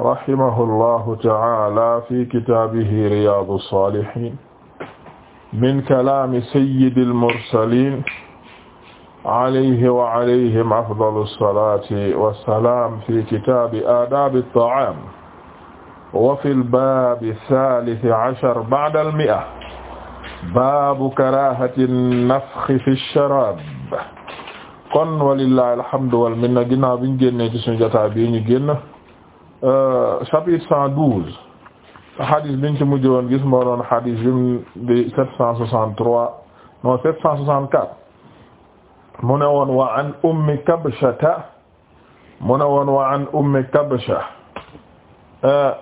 rahimahullahu ta'ala fi kitaabihi riyaadu saalihiin min kalaami sayyidil mursaliin alayhi wa alayhim afdalu salaati wa salaam fi kitaabi aadaabi ta'aam wa fil baabi saalisi cashar ba'dal mi'a baabu karaahati nafxi fi sharaab kon walillaahi alhamdu wal minna ginnaaw bi ñu génnee ci sunu jotaay bi ñu génn Euh, chapitre cent douze hadis biñ ci mujj woon gis moo doon hadis jum bi sept cent soixante trois non sept cent soixante quatre mu ne woon wa an ummi kabshata mu ne woon wa an ummi kabsha euh,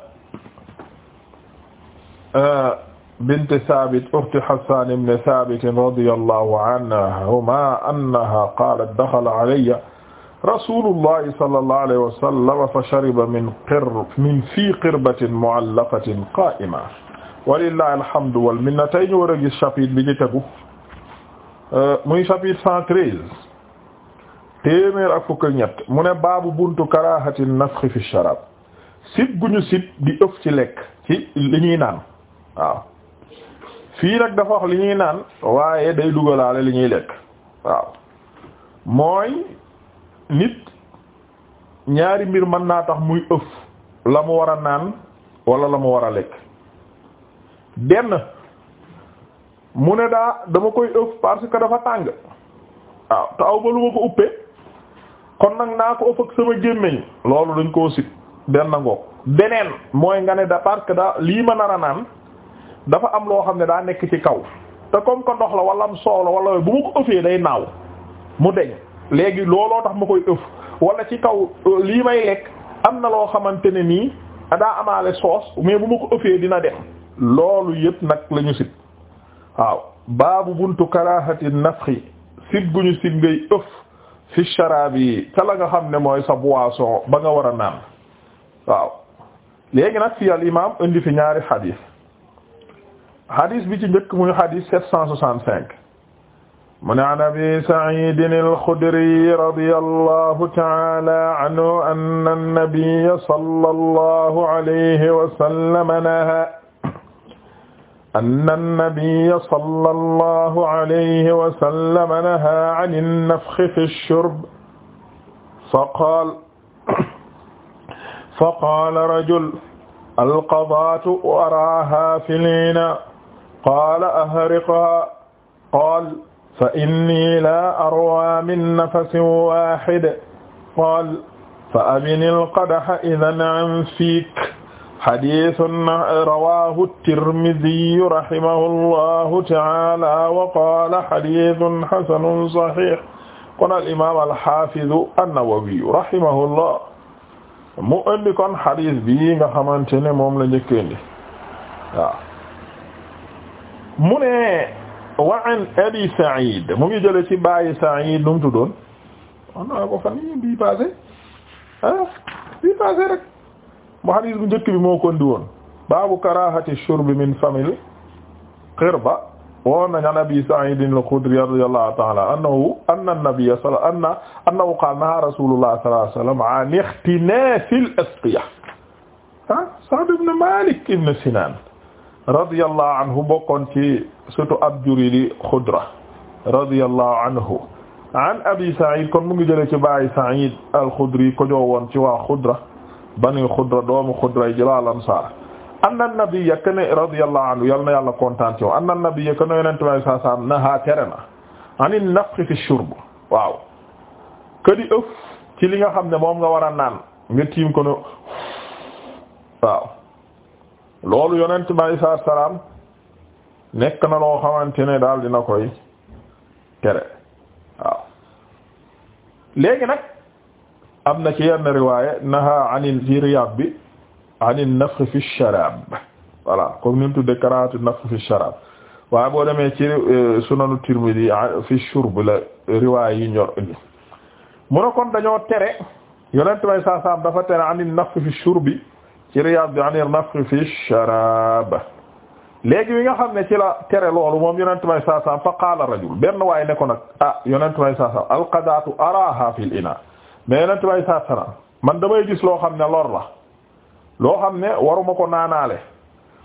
euh, bint Saabit ukhti Hassaan ibn Saabit radiyallahu anhuma annaha qaalat daxala alayya rasulullahi sallallahu alayhi wa sallam fa shariba min qir min fii qirbatin mu'allaqatin qaa'ima walillahi alhamdu wal minna tey ñu war a gis chapitre bi ci tegu euh, muy chapitre cent treize téeméer ak fukk ñett mu ne baabu buntu karaahati nafxi fi sharaab sib gu ñu sib di ëf ci lekk ci li ñuy naan waaw fii nag dafa wax li ñuy naan waaye day dugalaale li ñuy lekk waaw mooy nit ñaari mbir mën naa tax muy ëf la mu war a naan wala la mu war a lekk benn mu ne daa dama koy ëf parce que dafa tàng te aw ba lu ma ko uppee kon nag naa ko ëf ak sama gémmiñ loolu dañ koo sit benn ngook beneen mooy nga ne da parce que daa lii ma nar a naan dafa am loo xam ne daa nekk ci kaw te comme ko ndox la wala am soow la wala bu ma ko ëfee day naaw mu deñ léegi looloo tax ma koy ëf wala ci kaw euh, lii may lekk am na loo xamante ne nii daa amaale soos mais bu ma ko ëfee dina dem loolu yëpp nag la ñu sib waaw baabu buntu karahati nafxi sib guñu sib ngay ëf fi sharaab yi ca la nga xam ne mooy sa boisson ba nga war a naan waaw léegi nag fi al imam indi fi ñaari xadis xadis bi ci njëkk muy xadis sept cent soixante-cinq mu ne an abi saidin alxudriy radi allahu taala anhu ann annabiya sala allahu alayhi wasallama naha ann annabiya sala allahu alayhi wasallama naha an innafxi fi shurb faqaal faqaala rajul alqadaatu araaha fi liina qaala ahriqha qaal fa inni la arwa min nafasin wahid qaal fa abinil qadaha idan an fiik xadiisun rawaahu tirmidiyu rahimahullahu ta'aala wa qaala xadiisun xasanun saxiix kon al imaam al xaafidu an-nawawiyu rahimahullah mu indi kon xadiis bii nga xamante ne moom la njëkkee ndi waaw mu ne wa an abi Sa'id mu ngi jële ci baayu Sa'id nu mu tuddoon wax naa ko fan yii bii passé ah bii passé rek mu hadiis bu njëkk bi moo ko indi woon baabu karaahati shurbi min famil qirba woon nañ an abi Sa'id al-Khudri radiyallahu ta'ala anhu anna an-nabiyya sallallahu anna annahu qaala nahaa rasuulullah sallallahu alayhi wa sallam an ikhtinaasil asqiya ah Sa'd ibn Maalik ibn Sinaan radiyallahu anhu bokkoon ci surtout abjuri di Xudra radiyallahu anhu an abi Saïd kon mu ngi jëlee ci baay Saïd al-Xudri ko joowoon ci waa Xudra bani Xudra doomu Xudra jilal ansaar anna nabiyya kana radiyallahu anhu yal na yàlla kontaan ci anna nabiyya kana yonent bi saa saa naha tere na ani nafxi fi shurb waaw que ëf ci li nga xam ne moom nga war naan nga tiim ko no loolu yonent bi alayhi salaatu salaam nekk na loo xamante ne daal dina koy tere waaw léegi nag am na ci yenn riwaaya naha anil fi Riyaad bi anil nafx fi sharaab voilà comme ni fi sharaab waaye boo demee ci euh, sunanu Tirmidi fi shurb la riwaaya yi ñor indi mu ne kon dañoo tere yonent bi alayhi salaatu dafa tere anil nafx fi shurbi ci Riyad bi anir nafxi fi sharab léegi wi nga xam ne ci la tere loolu moom yonent may saa saam fa qaala rajul benn waaye ne ko nag a ah, yonent may saa saam alqadaatu araha fil ina mais yonent may saa man damay gis loo xam ne lor la loo xam ne waruma ko naanaale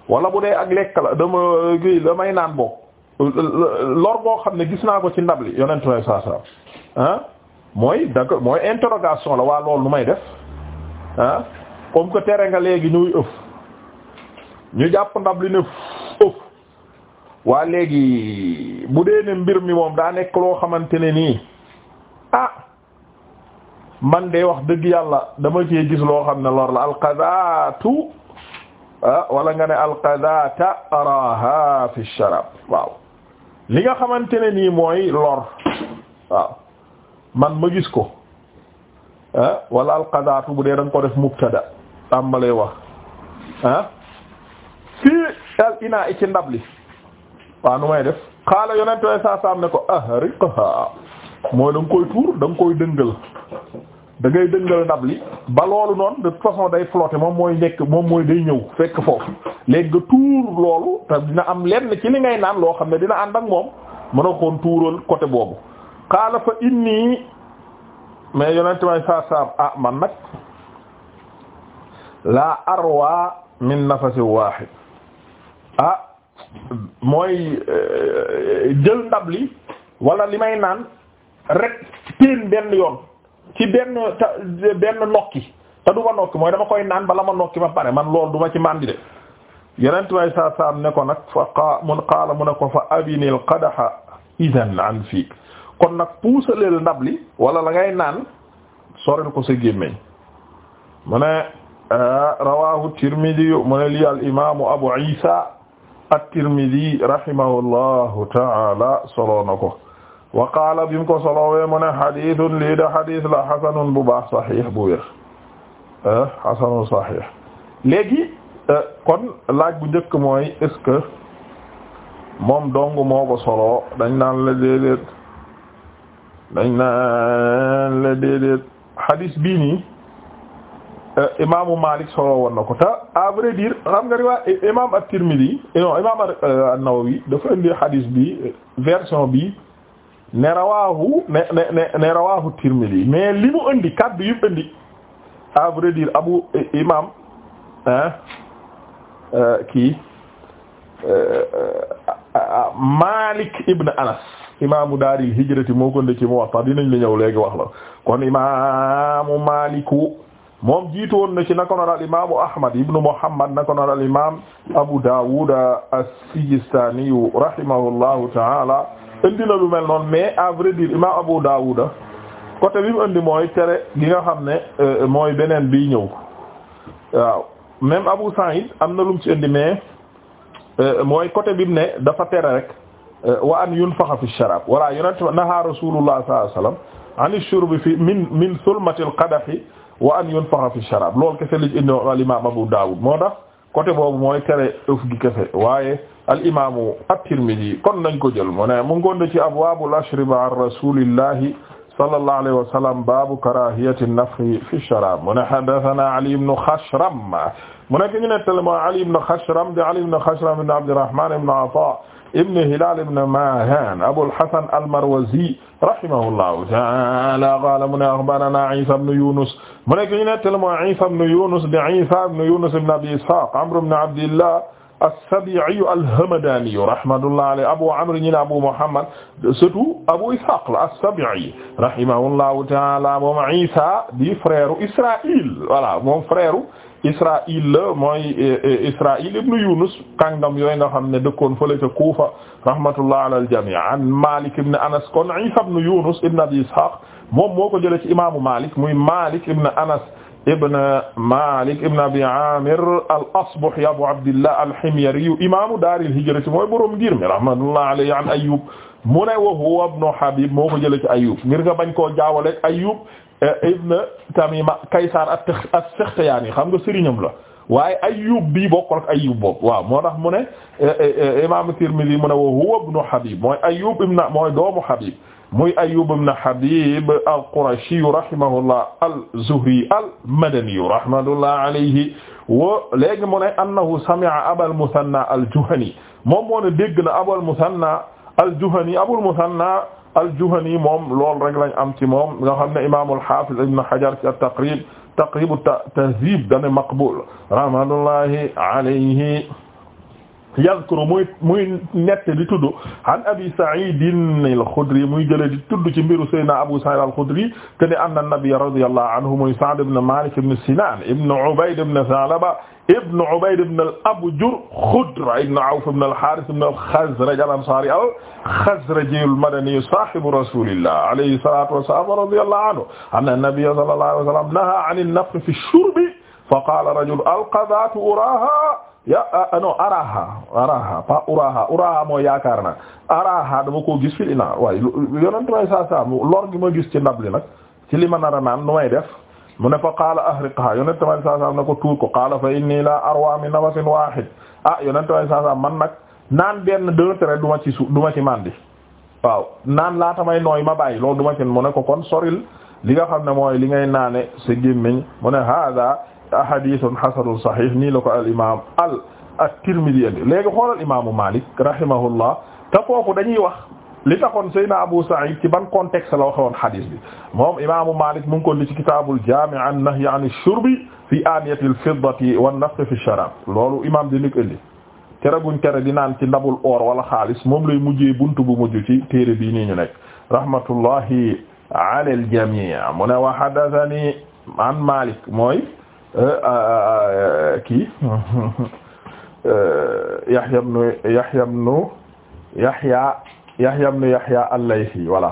wala bu dee ak lekk la dama gi damay naan bokk lor boo xam ne gis naa ko ci ndab li yonent may saa saam ah mooy da mooy interrogation la waa loolu lu may def ah koom que tere nga léegi ñuy ëf ñu jàpp ndab li ne ëf waa léegi bu dee ne mbir mi moom daa nekk loo xamante ne nii ah man de wax dëgg yàlla dama cee gis loo xam ne lor la alqadaatu ah wala nga ne alqadaata araha fi sharab waaw li nga xamante ne nii mooy lor waaw man ma gis ko ah wala alqadaatu bu dee da nga ko def mubtada tàmbalee wax ah fii al inaa i ci ndab li waaw nu may def xaala yonent way saa saam ne ko ahriqha mooy da koy tuur da koy dëngal da ngay dëngal ndab li ba loolu noonu de toute façon day flotter moom mooy nekk moom mooy day ñëw fekk foofu léegi nga tuur loolu te dina am lenn ci li ngay naan loo xam ne dina ànd ak moom mën a koon tuural côté boobu xaala fa inni mais yonent way saa ah man nag laa arwa min nafasin wahid ah mooy eh, jël ndab li wala li may naan rek teen benn yoon ci benn benn nokki te du ma nokki mooy dama koy naan ba la ma nokki ba pare man lool duma ci màndi de yeneen way saa saam ne ko nag fa qaa mun mu ne ko fa abinil qadaha idan an fiik kon nag puusaleel ndab li wala la ngay naan sorel ko sa gémmiñ mu ne Eh, rawahu Tirmidi mu ne lii al imaamu Abu Isa at-Tirmidi rahimahullahu ta'ala solo na ko wa qaala bi mu ko solowee mu lii da xadis la xasanun bu baax saxiix bu wér xasanun eh, saxiix léegi eh, kon laaj bu njëkk mooy est-ce que moom dong moo ko dañ naan la déedéet dañ naan la déedéet xadis bii Euh, imaamu Malik solo woon na ko te à vrai dire xam nga riwaay imaam at-Tirmidhi eh, non imaam euh, an-Nawawi dafa indi hadis bi euh, version bi ne rawaahu ne ne ne rawaahu Tirmidhi mais li mu indi kaddu yu indi à abu imaam kii Malik ibn Anas imaamu daaril hijrati moo ko indi ci Muwatta dinañ la ñëw léegi wax la kon imaamu Maliku moom jiitu woon na ci naka noonu al imaamu Ahmad ibnu Muhammad naka noonu al imaam Abu Dawud as-Sijistani rahimahullahu ta'ala indi na lu mel noonu mais à vrai dire imaam Abu Dawud côté bi indi mooy tere gi nga xam ne euh, mooy beneen bi ñëw waaw même Abu Sa'id am na lu ci indi mais euh, mooy côté bi ne dafa tere rek euh, wa an yunfaxa fi sharab wala yonent naha Rasulullah sallallahu alayhi wasallam an ash min min sulmatil qadahi wa an yunfaxa fi sharaab loolu kese li indi al imaam Abu Daawud moo tax côté boobu mooy tere ëf gi kese waaye al imaamu at-Tirmidhi kon nañ ko jël mu ne mu ngoon ci abwaabul ashriba an rasuulillahi sallallahu alayhi wa sallam baabu karaahiyati nafxi fi sharaab mu ne haddasanaa Ali ibn Khashram mu ne ki ñu nettali mooy Ali ibn Khashram di Ali ibn Khashram ibn Abdirrahmaan ibn Ataa ibn Hilal ibn Mahan Abul Hasan al-Marwazi rahimahullahu ta'ala qala mu ne akhbarana Isa ibn Yunus mu nekk ñu nettali mooy Isa ibn Yunus di Isa ibn Yunus ibn Abi Ishaq Amr ibn Abdillah as-Sabi'i al-Hamdani rahmatullahi alayhi Abu Amr ñi ne Abu Muhammad surtout Abu Ishaq la as-Sabi'i rahimahullahu ta'ala moom Isa di frère Israël voilà moom frère Israil la mooy e, e, Israil ibnu Yunus kàngam yooyu nga xam ne dëkkoon fële ca Kufa rahmatullah ala al-jami' an Malik ibn Anas kon Isa ibn Yunus ibn Abi Ishaq moom moo ko jëlee ci imaamu Malik muy Malik ibn Anas ibn Malik ibn Abi Amir al-Asbahi Abu Abdillah al-Himyari imaamu daar al-hijra mooy borom ngir mi rahmatullah alayhi an Ayyub mu ne wa huwa ibn Habib moo ko jëlee ci Ayyub ngir nga bañ koo jaawale Ayyub Eh, ibn Tamima Kaysar as-Saxtiyaani xam nga sëriñam la waaye Ayyub bi bokkul ak Ayyub boobu waaw moo tax mu ne eh, eh, imaam Tirmidhi mu ne wa huwa ibnu Habib mooy Ayyub ibn mooy doomu Habib muy Ayyub ibn Habib al-Qurashi rahimahullah al-Zuhri al-Madani rahmatullah alayhi wa léegi mu ne annahu sami'a Abal Muthanna al-Juhani moom moo ne dégg na Abal Muthanna al-Juhani Abul Muthanna al-Juhani moom loolu rek lañ am ci moom nga xam ne imaamul haafiz ibn Hajar ci at-Taqrib Taqrib at-Tahdhib dana maqbul rahmatullahi alayhi yazkuru muy muy nett di tudd an abi saidin al-Xudri muy jële di tudd ci mbiru Seydina Abu Saïd al-Xudri kene anna nabiyya radiyallahu anhu muy Sa'd ibn Malik ibn Sinan ibn Ubayd ibn Tha'laba ibn Ubayd ibn al-Abjar Khudra ibn Awf ibn al-Harith ibn al-Khazraj al-Ansari al-Khazraji al-Madani sahibu rasulillah alayhi salatu wassalam radiyallahu anhu anna nabiyya sallallahu alayhi wa sallam naha an an-nafkhi fi ash-shurbi fa qala rajul al-qadhatu uraaha ya ah, ah, non araha araha pas uraha uraha mooy yaakaar naa araha dama koo gis fil waay waaye yonent way saa lor gi ma gis ci ndab li nag ci li ma nar a naan nu may def mu ne fa qaala ahriqha yonent way saa saa ne ko tuur ko qaala fa inni la arwa min nafasin wahid ah yonent way saa man nag naan benn deux traits du ma ci su du ma ci màndi waaw naan laata may nooy ma bàyyi lool du ma ci mu ne ko kon soril li nga xam ne mooy li ngay naane sa gémmiñ mu ne hada ahadithun hasanun sahih nii la ko al imam al at-Tirmidhi andi léegi xoolal imaamu Malik rahimahullah te foofu dañuy wax li taxoon Seydina Abu Sa'id ci ban contexte la waxee woon hadith bi moom imaamu Malik mu ngi ko li ci kitaabul jaami' an-nahyi an ash-shurbi fi aaniyati al-fiddati wan-nafkhi fi ash-sharab loolu imaam dina ko indi tere guñ tere di naan ci ndabul or wala xaalis moom lay mujjee buntu bu mujj ci téere bii nii ñu nekk rahmatullahi ala al-jami' mu ne wa hadathani an Malik mooy Euh, euh, euh, kii Yahya ibn Yahya ibn Yahya Yahya ibn Yahya al-Laythi voilà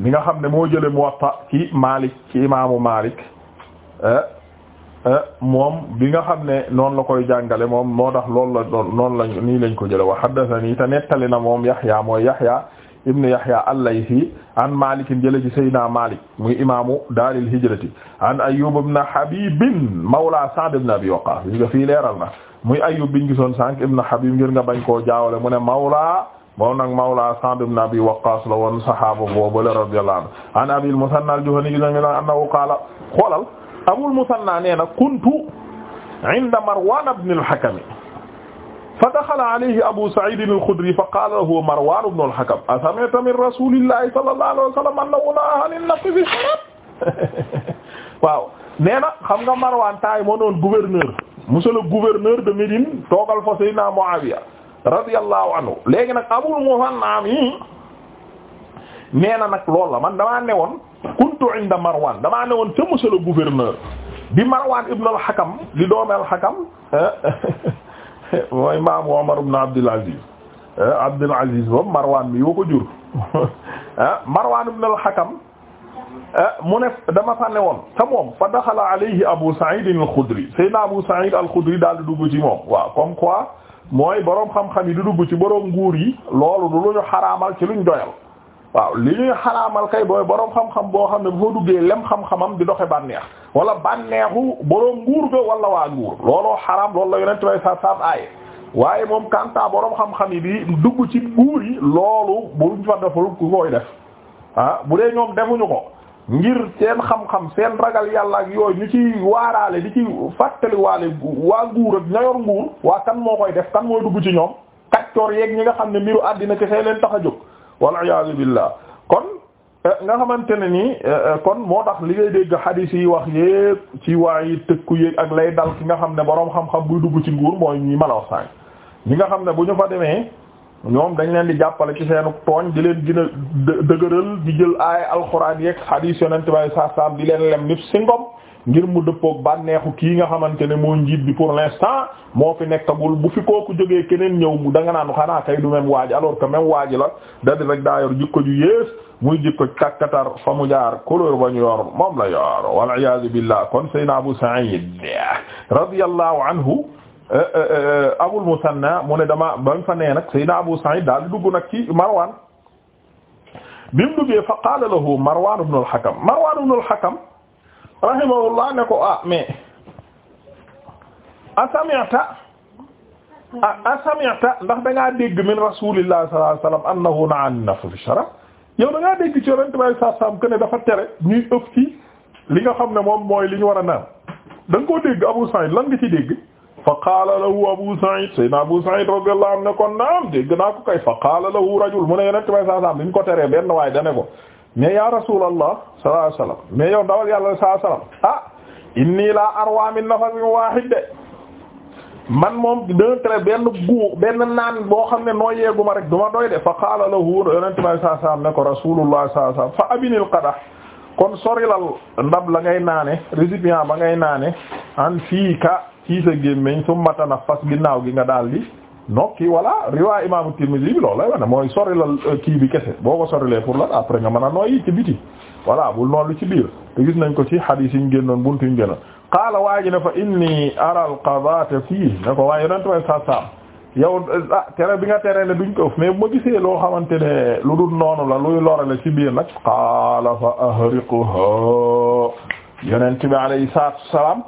mi nga xam ne moo jële Muwatta ci Malik ci imaamu Malik moom bi nga xam ne noonu la koy jàngale moom moo tax lool la noonu lañ nii lañ ko jële wa haddathani te nettali na moom Yahya mooy Yahya ibn Yahya al-Laythi an Malik jële ci Seydina Malik muy imaamu daaril hijrati an Ayyub ibn Habib mawla Sa'd ibn Abi Waqqas bi nga fii leeral na muy Ayyub biñ gisoon sànq ibn Habib ngir nga bañ koo jaawale mu ne mawla moom nag mawla Sa'd ibn Abi Waqqas la woon sahaaba boobu la radiyallahu anhu an Abil Musanna al-Juhani gis nañu annahu qaala xoolal Abul Musanna nee na kuntu inda Marwan ibn al-Hakam fa daxala alayhi Abu Saïd al-Khudri fa qaala lahu Marwaan ibn al-Hakam asami'ta min rasuulillahi sallallahu alayhi wa sallam annahu nahaa ani nafthi fi sharaab waaw nee na xam nga Marwaan taay moo doon gouverneur monsieur le gouverneur de Médine toogal fa Seydina Muawiya radiyallahu anhu léegi nag Abul Musanna mi nee na nag loolu la man damaa newoon kuntu inda Marwaan damaa newoon ca monsieur le gouverneur bi Marwaan ibn al-Hakam di doomi al-Hakam eh, mooy maamu Omar ibn Abdul Aziz eh, Abdul Aziz boobu Marwan mi woo jur ah Marwan ibn al-Hakam eh, mu ne dama fa ne woon te moom fa daxala alayhi Abu Sa'id al-Khudri Seydina Abu Sa'id al-Khudri daal di dugg ci moom waaw comme quoi mooy borom xam-xam yi di dugg ci borom nguur yi loolu du lu ñu xaraamal ci luñ doyal. waaw li ñuy xaraamal kay booy boroom xam-xam boo xam ne boo duggee lem xam-xamam di doxe bànneex wala bànneexu boroom nguur ga wala waa nguur looloo xaraam loolu la yonent bay sa saab aaye waaye moom kanta boroom xam-xam yi bi dugg ci nguur yi loolu buñ fa deful ku koy def ah bu dee ñoom defuñu ko ngir seen xam-xam seen ragal yàlla ak yooyu ñu ci waaraale di ci fàttali waale waa nguur ak ñayor nguur waa kan moo koy def kan mooy dugg ci ñoom kaccoor yeeg ñi nga xam ne mbiru àddina kese leen tax a jóg wal iyaadu billah kon eh, nga xamante ne nii eh, eh, kon moo tax li ngay dégg xadiis yi wax yépp ci waayi tëkku yéeg ak lay dal ki nga xam ne boroom xam-xam buy dugg ci nguur mooy ñi mala wax sànq ñi nga xam ne bu ñu fa demee ñoom dañ leen di jàppale ci seenu tooñ di leen gën a dëgëral di jël aaya alxuraan yeeg xadiis yonent bay saa saam di leen lem nit si ngom ngir mu dëppook bànneexu kii nga xamante ne moo njiit bi pour l'instant moo fi nekkagul bu fi kooku jógee keneen ñëw mu da nga naan xanaa kay du même waaji alors que même waaji la da di rek daa yor jikko ju yées muy jikko takkatar fa mu jaar couleur ba ñu yor moom la yor wala iyaadu billah kon sayna Abu Sa'id radiyallahu anhu Euh, euh, euh, Abul Musanna mu ne dama ba nga fa nee nag Seydina Abu Sa'id daal dugg nak ci Marwan bi mu duggee fa qaala lahu Marwan ibn al-Hakam Marwan ibn al-Hakam rahimahullah ne ko a ah, mais asami'ta ah, asami'ta ndax da ngaa dégg min Rasulillah sallallahu alayhi wasallam annahu na'a an-nafs fi sharab yow da ngaa dégg ci Yonent bi saa saam que ne dafa tere ñuy ëpp ci li nga xam ne moom mooy li ñu war a naan da nga dégg Abu Sa'id lan nga ci dégg. fa qaala lahu Abu Sa'id sayyidina Abu Sa'id radiyallahu anhu ne kon naam dégg naa ko kay fa qaala lahu rajul mu ne yonent bay saa salam ko teree benn waaye dane ko mais ya rasulallah sallallahu alayhi wasallam mais yow ndawal yàlla sallallahu alayhi wasallam ah inni la arwa min nafasin wahid de man moom dina tere benn guux benn naan boo xam ne noo yeegu ma rek du ma doy de fa qaala lahu yonent bay saa ne ko rasulullah sallallahu alayhi wasallam fa abinil qadah kon sorilal ndab la ngay naane récipient ba ngay naane an fii ci sa gémmiñ summa tanaffas ginnaaw gi nga daal di nokki voilà riwaa imaamu Tirmidhi bi loolu lay wax ne mooy sorilal euh, kii bi kese boo ko sorilee pour la après nga mën a noyyi ci biti voilà bul noonu ci biir te gis nañ ko ci hadis yi ñu génnoon buntu yi ñu génnoon qaala waa ji ne fa inni ara al qadaata fii ne ko waaye yonent way sa sam yow ah tere bi nga tere ne duñ ko ëf mais bu ma gisee loo xamante ne lu dul noonu la luy lorale ci biir nag qaala fa ahriquha yonent bi alayhi salaatu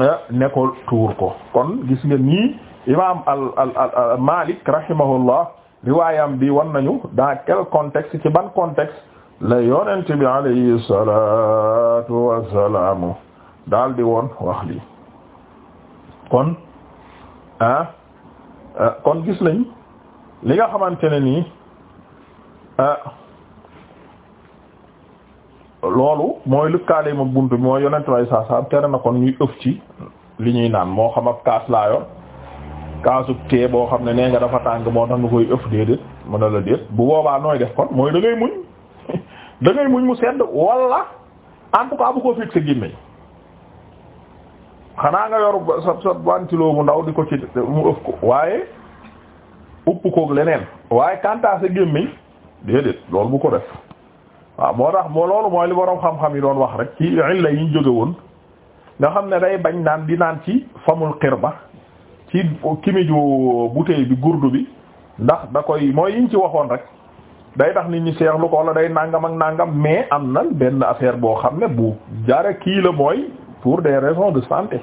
Eh, ne ko tuur ko kon gis nga nii imam al al Malik rahimahullah riwaayam bi wan nañu dans quel contexte ci ban contexte la yonent bi alayhi salatu wassalamu daal di woon wax li kon ah, ah kon gis nañ li nga xamante ne nii ah loolu mooy lëkkaale ma bunt bi mooy yonent way saa saa tere na kon ñuy ëf ci li ñuy naan moo xam ab kaas laa yor kaasub tee boo xam ne nee nga dafa tàng moo tax ñu koy ëf déedéet mën na la déet bu boobaa nooy def kon mooy da ngay muñ da ngay muñ mu sedd wala en bu ko fekk sa gémmiñ xanaa nga yor sa sa ventilo bu ndaw di ko ci mu ëf ko waaye upp koog leneen waaye kantaa sa gémmiñ déedéet loolu bu ko def waaw moo tax moo loolu mooy li waroon xam-xam yi doon wax rek ci illa yi ñu jóge woon nga xam ne day bañ naan di naan ci famul xirba ci ju bouteille bi gurdu bi ndax da koy mooy yiñ ci waxoon rek day tax nit ñi seexlu ko la day nangam ak nangam mais am na benn affaire boo xam ne bu jare kii la mooy pour des raisons de santé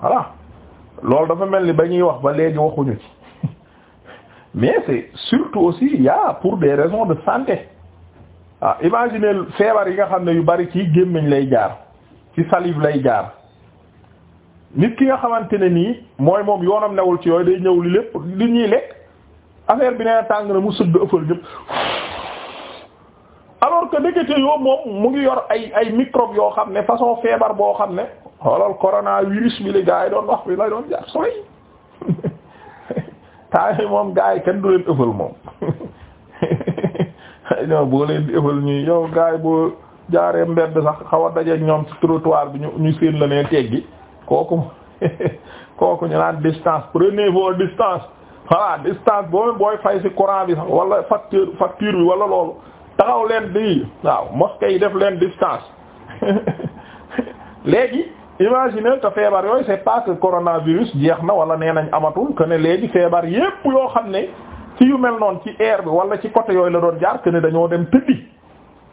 voilà loolu dafa mel ni ba ñuy wax ba léegi waxuñu ci mais surtout aussi yaa pour des raisons de santé ah imaginez feebar yi nga xam ne yu bari ci gémmiñ lay jaar ci salive lay jaar nit ki nga xamante ne nii mooy moom yoonam newul ci yooyu day ñëw li lépp li ñuy lekk affaire bi nee tàng na mu sëgg ëffal ñëpp alors que ndekete yoo moom mu ngi yor ay ay microbe yoo xam ne façon feebar boo xam ne xoolal coronavirus bi li gars yi doon wax bi lay doon jaar sooy taay moom gars yi kenn du leen ëffal moom non boo leen di ñuy yow gaay boo jaaree mbedd sax xaw a dajeeg ñoom ci trottoir bi ñu ñu séen la ne teggi kooku kooku ñu naan distance prenez vos distance voilà distance boo booy fay ci courant bi sax wala facture facture bi wala loolu taxaw leen di waaw mosquée yi def leen distance léegi imagine te feebar yooyu c'est pas que coronavirus jeex na wala nee nañ amatul que ne léegi feebar yépp yoo xam ne ci yu mel noonu ci air bi wala ci côté yooyu la doon jaar que dañoo dem tëddi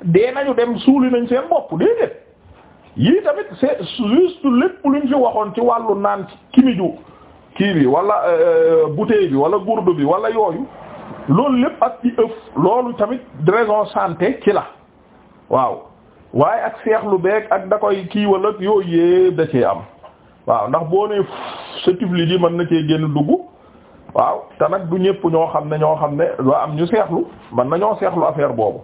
dee nañu dem suuli nañ seen bopp déedéet yii tamit c'est juste lépp luñ fi waxoon ci wàllu naan ci ju kii bi wala euh, bouteille bi wala gourde bi wala yooyu loolu lépp ak ci ëf loolu tamit raison santé ci la waaw waaye ak seexlu beeg ak da koy kii wala yooyu yëpp da cee am waaw ndax boo nee sa tifli di mën na cee génn dugg waaw te nag du ñëpp ñoo xam ne ñoo xam ne loo am ñu seexlu man nañoo seexlu affaire boobu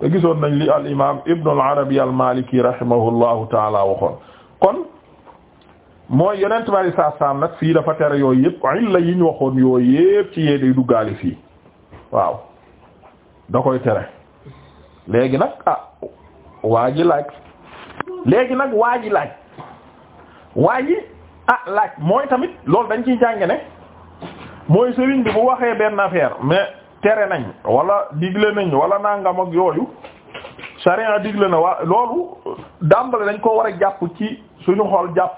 te gisoon nañ li al imam ibnu al arabi al maliki rahimahullahu taala waxoon kon mooy yonent bari saa nag fii dafa tere yooyu yëpp illa yi ñu waxoon yooyu yëpp ci yee day duggaale fii waaw da koy tere léegi nag ah waa ji laaj léegi nag waa ji laaj waa ji ah laaj mooy tamit loolu dañ ciy jànge ne mooy sëriñ bi bu waxee benn affaire mais tere nañ wala digle nañ wala nangam ak yooyu sharia digle na wa loolu dàmbale dañ ko war a jàpp ci suñu xool jàpp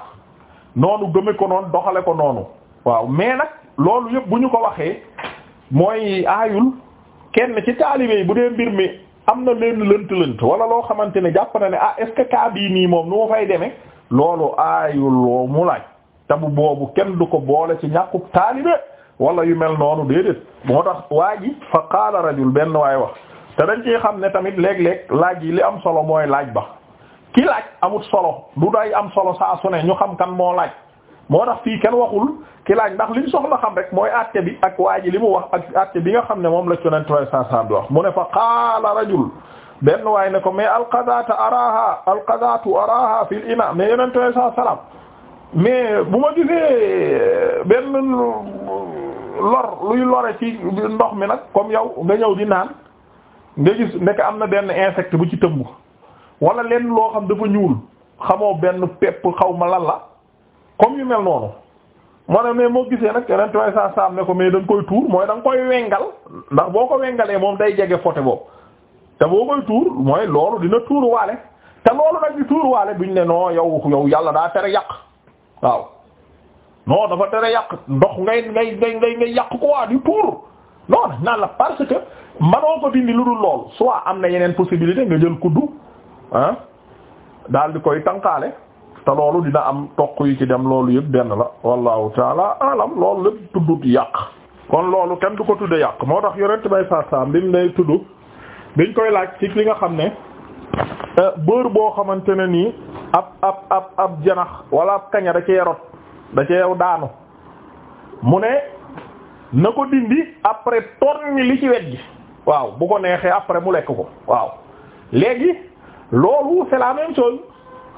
noonu gëme ko noonu doxale ko noonu waaw mais nag loolu yëpp bu ñu ko waxee mooy aayul kenn ci taalibe yi bu dee mbir mi am na leen lënt lënt wala loo xamante ne jàpp na ne ah est-ce que bii nii moom nu mu fay demee loolu aayul loo mu laaj tabu boobu kenn du ko boole ci ñàkkub taalibe wala yu mel noonu déedéet moo tax waa ji fa qaala rajul benn waay wax te dañ ci xam ne tamit léeg-léeg laaj yi li am solo mooy laaj ba ki laaj amut solo du day am solo saa su ne ñu xam kan moo laaj moo tax fii kenn waxul ki laaj ndax liñ soxla xam rek mooy àtte bi ak waa li mu wax ak àtte bi nga xam ne moom la conentuway sasan bi wax mu ne fa qaala rajul benn waay ne ko mais alqadata araha alqadatu araha fil ina mais yonentuway sa salam mais bu ma gisee eh, benn lor luy lore ci ndox mi nag comme yow nga ñëw di naan nga gis nekk am na benn insecte bu ci tëmb wala lenn loo xam dafa ñuul xamoo benn pepp xaw ma lan la comme yu mel noonu moo ne moo gisee nag ren tubaab saa saa ne ko mais da koy tuur mooy danga koy wengal ndax boo ko wengalee moom day jege foté boobu te boo koy tuur mooy loolu dina tuur te loolu nag di tuur waale ñu ne non yow yow yàlla daa tere yàq waaw. moo dafa tere yàq ndox ngay ngay ngay ngay ngay yàq quoi du pour non naan la parce que manoo ko dindi lu dul lool soit am na yeneen possibilité nga jël kuddu ah daal di koy tànqaale te loolu dina am toq yu ci dem loolu yëpp benn la wallahu taala alam loolu lépp tuddut yàq kon loolu kenn du ko tudde yàq moo tax yonent bay saasam bi mu ne tudd dañ koy laaj ci li nga xam ne euh, bër boo xamante ne nii ab ab ab ab janax wala ab kaña da cee rot da ca yow daanu mu ne na ko dindi après tonni li ci wet gi waaw bu ko neexee après mu lekk ko waaw léegi loolu c'est la même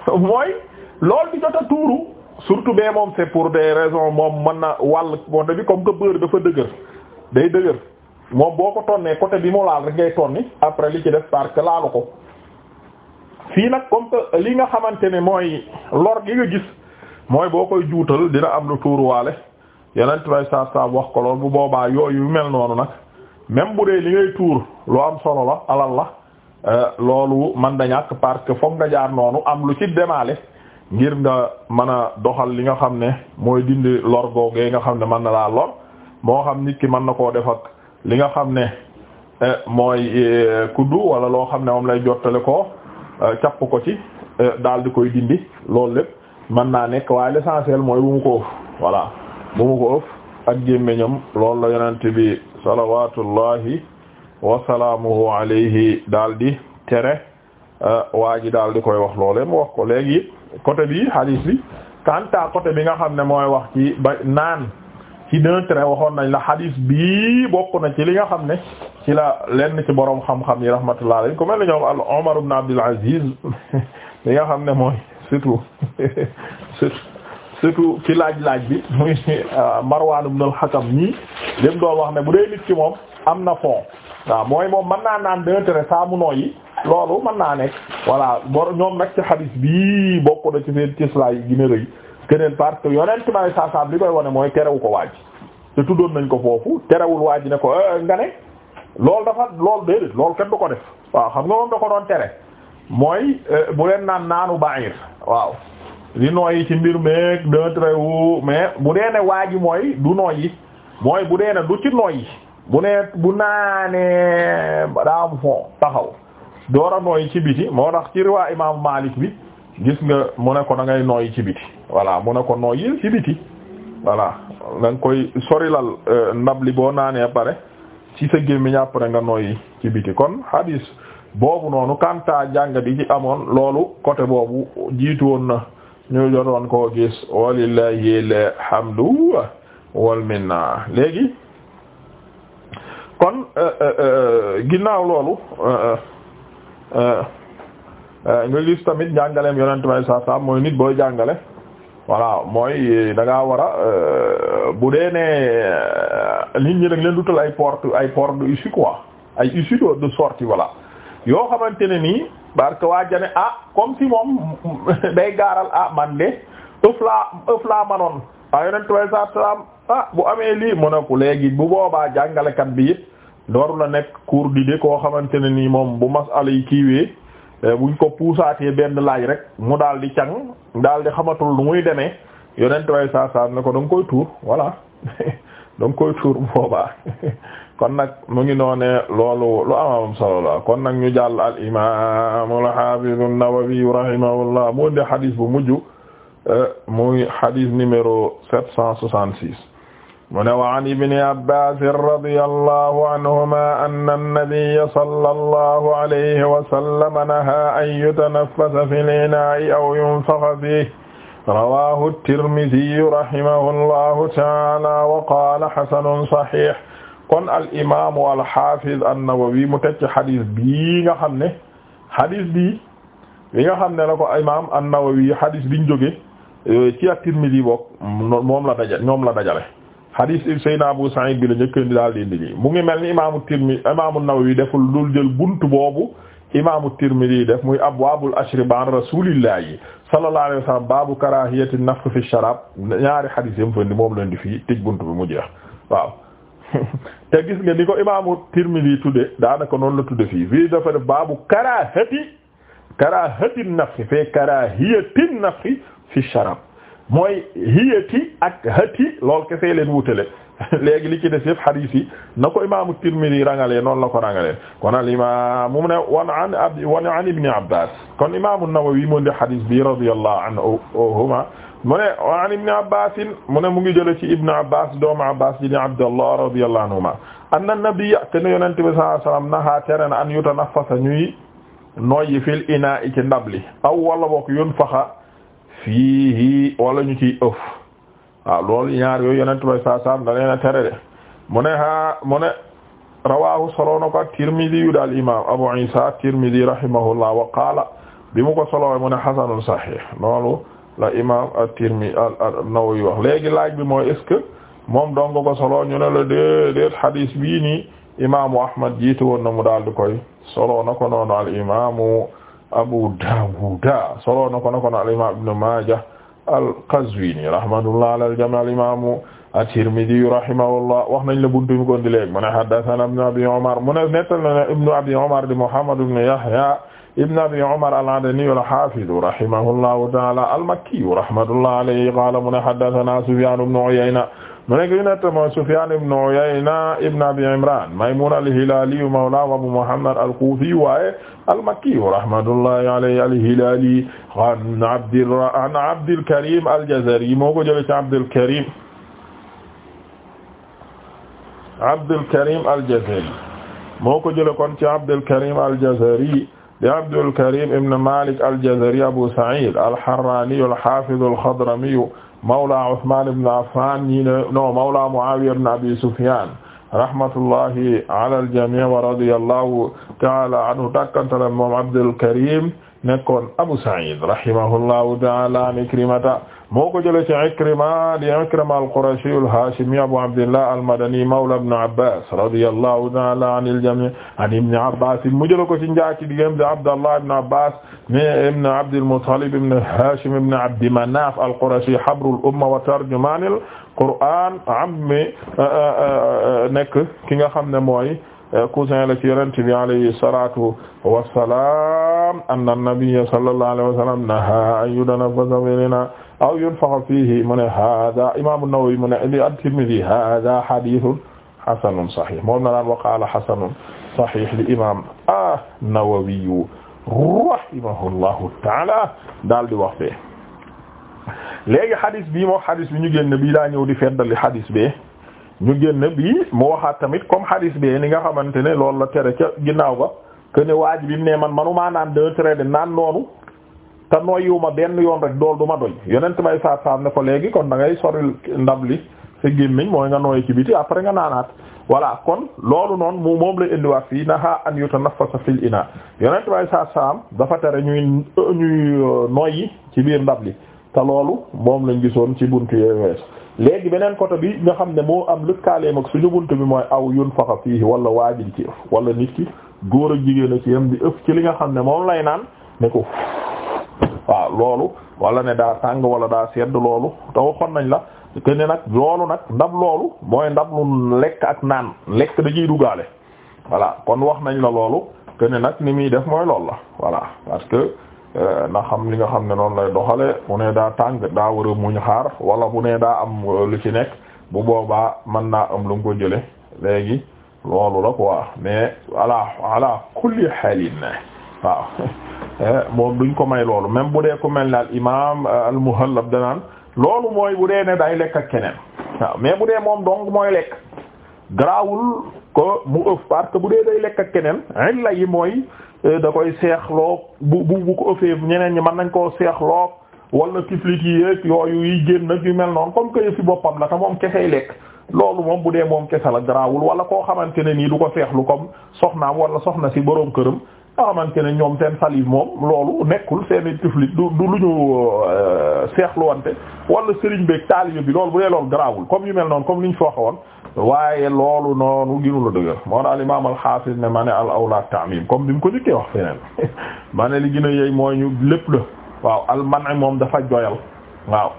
mooy lool di jot a tuuru surtout bee moom c'est pour de raisons moom mën na wàll bon bi comme que beurre dafa dëgër day dëgër moom boo ko tonnee côté bi mu laal rek ngay tonni après li ci def parce que laalu ko fii nag comme que li nga xamante ne mooy lor gi nga gis mooy boo koy juutal dina am lu tuuruwaale yeneen may saa saa wax ko lool bu boobaa yooyu mel noonu nag même bu dee li ngay tuur lu am solo la alal la euh, loolu man da ñàkk parce que fokk nga jaar noonu am lu ci demaale ngir nga mën a doxal li nga xam ne mooy dindi lor googee nga xam ne mën na laa lor moo xam nit ki mën na koo def li nga xam ne euh, mooy euh, kuddu wala loo xam ne moom lay jottale ko capp ko ci daal di koy dindi loolu lépp. man naa nekk waaye l'essentiel mooy bu mu ko ëf voilà bu mu ko ëf ak gémmiñam loolu la yonent bi salawatullahi wasalaamuhu alayhi daal di tere euh, waa ji daal di koy wax loole mu wax ko léegi côté bi hadith bi kanta côté bi nga xam ne mooy wax ci ba naan ci d'un trait waxoon nañ la hadith bi bokk na ci li nga xam ne ci la lenn ci boroom xam-xam yi rahmatullah alayhi ku mel ne ñoom al Umar ibn Abdul li nga xam ne mooy surtout surtout surtout ci laaj-laaj bi muy euh, Marwan ibn al-Hakam nii dem doon wax ne bu dee nit ki moom am na fond waaw mooy moom mën naa naan d'intérêt saa mu nooyi loolu mën naa nekk voilà bor ñoom nag ci xadis bii bokk na ci seen cislaa yi gën a rëy keneen parce yonent ci may saasaab koy wane mooy terewu ko waaj te tuddoon nañ ko foofu terewul waaj ne ko euh, nga ne loolu dafa loolu déedéet loolu kenn du ko def waaw xam nga moom da ko doon tere mooy euh, bu leen naan naanu ba'ir waaw di nooyi ci mbir meeg d'un trait wu mais bu dee ne waa ji mooy du nooyi mooy bu dee ne du ci nooyi bu nee bu naanee daa am taxaw door a nooyi ci biti moo tax ci riwaa imaamu Maalik bi gis nga mu ne ko da ngay nooyi ci biti voilà mu ne ko nooyi ci biti voilà da nga koy sorilal euh, ndab li boo naanee pare ci sa gémmiñ après nga nooyi ci biti kon hadis boobu noonu kanta jàng bi ci amoon loolu côté boobu jiitu woon na ñu jotoon koo gis walillahi alhamdu wal minna léegi kon euh, euh, euh, ginnaaw loolu nga gis tamit njàngaleem yonent may saa mooy nit booy jàngale voilà mooy danga ngaa war a bu dee ne nit ñi da nga leen dutal ay porte ay porte d'issue quoi ay issue de sortie voilà yoo xamante ne nii parce que waa jane ah comme si moom day gaaral ah man de ëf laa ëf laa manoon waaw yonent way sa salaam ah bu amee lii mu ne ko léegi bu boobaa jàngalekat bi it dooru la nekk cours d'idée koo xamante ne nii moom bu ala yi kiiwee eh, buñ ko puusaatee benn laaj rek mu daal di cang daal di xamatul lu muy demee yonent way sa salaam ne ko da koy tuur voilà da nga koy tuur boobaa kon nag mu ngi noonee loolu lu amam solo la kon nag ñu jàll al imaam al haafiz an-Nawawi rahimahullah mu indi xadis bu mujj euh, muy xadis numéro sept cent soixante-six mu ne wa an ibni Abbaas radiyallahu anhuma anna an-nabiyya sallallahu alayhi wa sallam nahaa an yutanaffasa fil inaa'i aw yunfaxa fiihi rawaahu at-Tirmidhi rahimahullahu ta'aala wa qaala hasanun sahiih kon al imaamu al xaafiz an-Nawawi mu teg ci xadis bii nga xam ne xadis bii bi nga xam ne la ko imaam an-Nawawi xadis biñ jóge euh, ci at-Tirmidhi bokk moom la dajale ñoom la dajale xadis Seydina Abu Sa'id bi la njëkk indi daal di indi mu ngi mel ni imaamu Tirmidhi imaamu an-Nawawi deful dul jël buntu boobu imaamu Tirmidhi def muy abwaabul ashriba an rasuulillahi sallallahu alayhi wa sallam baabu karaahiyati an-nafkhi fi ash-sharaab ñaari xadis yam fa moom la indi fii tëj buntu bi mu jeex te gis nga ni ko imaamu Tirmidhi tudde daanaka noonu la tudde fii bi dafa def baabu karahati karahati nafsi fee karahiyati nafsi fi sharab mooy hiyati ak hati lool kese leen wutale léegi li ci des yëpp hadith yi na ko imaamu Tirmidhi rangalee noonu la ko rangalee kon al imaam mu ne wan an ab wan an ibni Abbas kon imaamu Nawawi mu ndi hadith bi radiyallahu anhuma mu ne an ibni abbasin mu mu ngi jële ci ibnu abbas doomu abbas ji ni abdallah radiyallahu anhuma anna nabiyya te ne yonente bi tere na an yutanaffasa ñuy noyyi fil inaa'i ci li aw wala bokk yunfaxa fiihi wala ñu ciy ëf waaw loolu ñaar yooyu yonente bi sallallahu alayhi wasallam da tere de mu ne ha mu ne rawahu soloo na ko ak tirmidi abu isa rahimahullah wa qaala bi mu ko soloo mu sahih la imam at-Tirmidhi an-Nawawi laaj bi mooy est-ce que moom dong ko solo ñu la déedéet hadis bii nii imaamu Ahmad jiitu woon na mu daal di koy solo na ko noonu al imaamu Abu Dawud solo na ko na al imam Ibn Majah al-Qazwini rahmatullah al-jami' al imaamu at wax nañ la buntu mi di léegi mu ne haddathana Ibn Abi Umar mu ne nettal na Ibn Abi Umar di Muhammad ibn Yahya ibn abi umar al-adaniyu al-hafidu rahimahullahu taala al-makkiyu rahmatullahi alayhi qala mu ne haddathana sufyan ibn uyayna mu nekk yu nett moo sufyan ibn uyayna ibn abi imran maymun al-hilaliyu mawla abu muhammad al-kufi waaye al-makkiyu rahmatullahi alayhi al-hilali an abdi an abdil karim al-jazari moo ko jëlee ci abdil karim abdil karim al-jazari moo ko jëlee kon ci abdil karim al-jazari di Abdul Karim ibn Malik al-Jazari Abu Sa'id al-Harrani al-Hafiz al-Khadrami mawla Uthman ibn Affan ñi ne no mawla Muawiya ibn Abi Sufyan rahmatullahi ala al-jami' wa radiyallahu ta'ala anhu dàkkantala moom Abdul Karim nekkoon Abu Sa'id rahimahullahu ta'ala an Ikrimata moo ko jëlee ci Ikrima di Ikrima al-Qurashi al-Hashimi Abu Abdillah al-Madani mawla Ibn Abbas radiyallahu ta'ala anil jami' an Ibn Abbas mu jëlee ko ci njaati digam di Abdallah ibn Abbas mi ibn Abdil Muttalib ibn Hashim ibn Abdi Manaf al-Qurashi habrul umma wa tarjumanil Qur'an ammi nekk ki nga xam ne mooy eh, cousin la ci Yonent bi alayhi salatu wassalam salaam anna nabiyya sallallahu alayhi wa sallam nahaa an yudanaffaza fil inaa aw yunfaxa fiihi mu ne haaza imaam an-Nawawi mu ne at-Tirmidhi haaza hadiisun hasanun sahiih moom na daan wa qaala hasanun sahiih li imaam an-Nawawi rahimahullahu ta'aala daal di wax fee léegi hadis bii moo hadis bi ñu génn bii daa ñëw di feddali hadis bee ñu génn bii mu waxaat tamit comme hadis bee ni nga xamante ne loolu la tere ca ginnaaw ba. que ne waa bi mu ne man manumaa naan deux traits naan noonu te ma benn yoon rek dool du ma doy yonent may saa saa ne ko léegi kon da ngay soril ndab li sa gémmiñ mooy nga nooy ci biti après nga naanaat voilà kon loolu noonu mu moom la indiwaat fii naha an yutanaffasa fil ina yonent may saa saa dafa tere ñuy ñuy euh, noyyi ci biir ndab li te loolu moom lañ gisoon ci bunt yee léegi beneen côté bi ñu xam ne moo am lëkkaaleem ak suñu bunt bi mooy aw yunfaxa fiihi wala waajib ci wala nit ki. góor a jigéen a ci yam di ëf ci li nga xam ne moom lay naan ne ko waaw loolu wala ne daa tàng wala daa sedd loolu te waxoon nañ la que nag loolu nag ndab loolu mooy ndab lu lekk ak naan lekk da ciy duggaale voilà kon wax nañ la loolu que nag ni muy def mooy loolu la voilà parce que euh, na xam li nga xam ne noonu lay doxale bu ne daa tàng daa war a muñ xaar wala bu ne daa am euh, lu ci nekk bu boobaa mën naa am lu mu ko jële léegi loolu la quoi mais ala ala kulli haalin waaw moom duñ ko may loolu même bu dee ko mel ne al imam euh, al muhallab danaan loolu mooy bu dee ne day lekk ak keneen waaw mais bu dee moom donc mooy lekk garaawul ko mu ëf parce bu dee day lekk ak keneen illa yi mooy euh, da koy seexloog bu bu ko ëffee ñeneen ñi mën nañ koo seexloog wala tiflit yi yéeg yooyu yi génn yu mel noonu comme que yëfi boppam la te moom kesey lekk loolu moom bu dee moom kese la garaawul wala koo xamante ne nii du ko feexlu comme soxnaam wala soxna si boroom këram nga ne ñoom seen salive moom loolu nekkul seeni tiflit du du lu ñu euh, seexluwante wala sëriñ beeg taalibe bi loolu bu dee loolu garaawul comme yu mel noonu comme ni ñu fi woon waaye loolu noonu ginu la dëgër moo daal imaam al-Hafiz ne ma ne al awla ta'mim comme bi mu ko njëkkee wax feneen ma ne li gën a yeey mooy ñu lépp la waaw al man moom dafa joyal waaw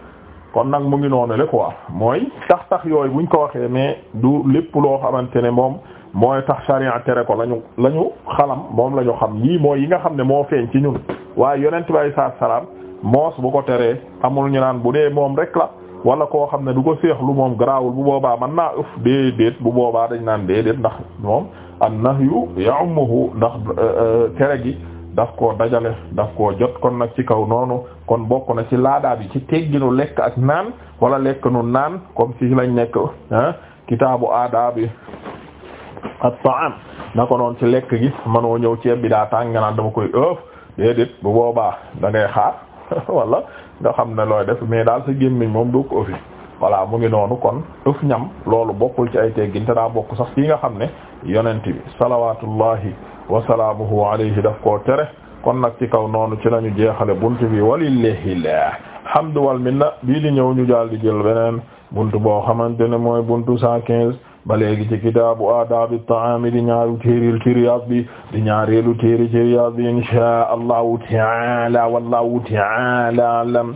kon nag mu ngi noonu le quoi mooy tax tax yooyu buñ ko waxee mais du lépp loo xamante ne moom mooy tax sharia tere ko lañu lañu xalam moom la ñu xam yii mooy yi nga xam ne moo feeñ ci ñun waaye yonent bi alayhi salaam moos bu ko teree amul ñu naan bu dee moom rek la wala koo xam ne du ko seexlu moom garaawul bu boobaa mën naa ëf déedéet bu boobaa dañ naan déedéet ndax moom nax an nahyu ya'muhu ndax euh, euh, tere gi daf koo dajale daf koo jot kon nag ci kaw noonu kon bokk na ci laadaa bi ci tegginu lekk ak naan wala lekk nu naan comme ci lañ nekk ah kitaabu aadaabi at-ta'am na ko noon ci lekk gi manoo ñëw ceeb bi daa tàng naan dama koy ëf déedéet bu boobaa dangay ngay xaar wala nga xam ne looy def mais daal sa gémmiñ moom du ko voilà mu ngi noonu kon ëf ñam loolu bokkul ci ay teggin te daa bokk sax fii nga xam ne yonent bi salawatullahi wa salaamuhu alayhi daf ko tere kon nag ci kaw noonu ci lañu jeexale buntu bi walillahi alhamdu wal minna bii di ñëw ñu daal di jël beneen buntu boo xamante ne mooy buntu cent quinze ba léegi ci kitaabu aadaabi taami di ñaaru téeril ci Riyaad bi di ñaareelu téeri ci Riyaad bi inshaa Allahu ta'ala wallahu ta'ala alam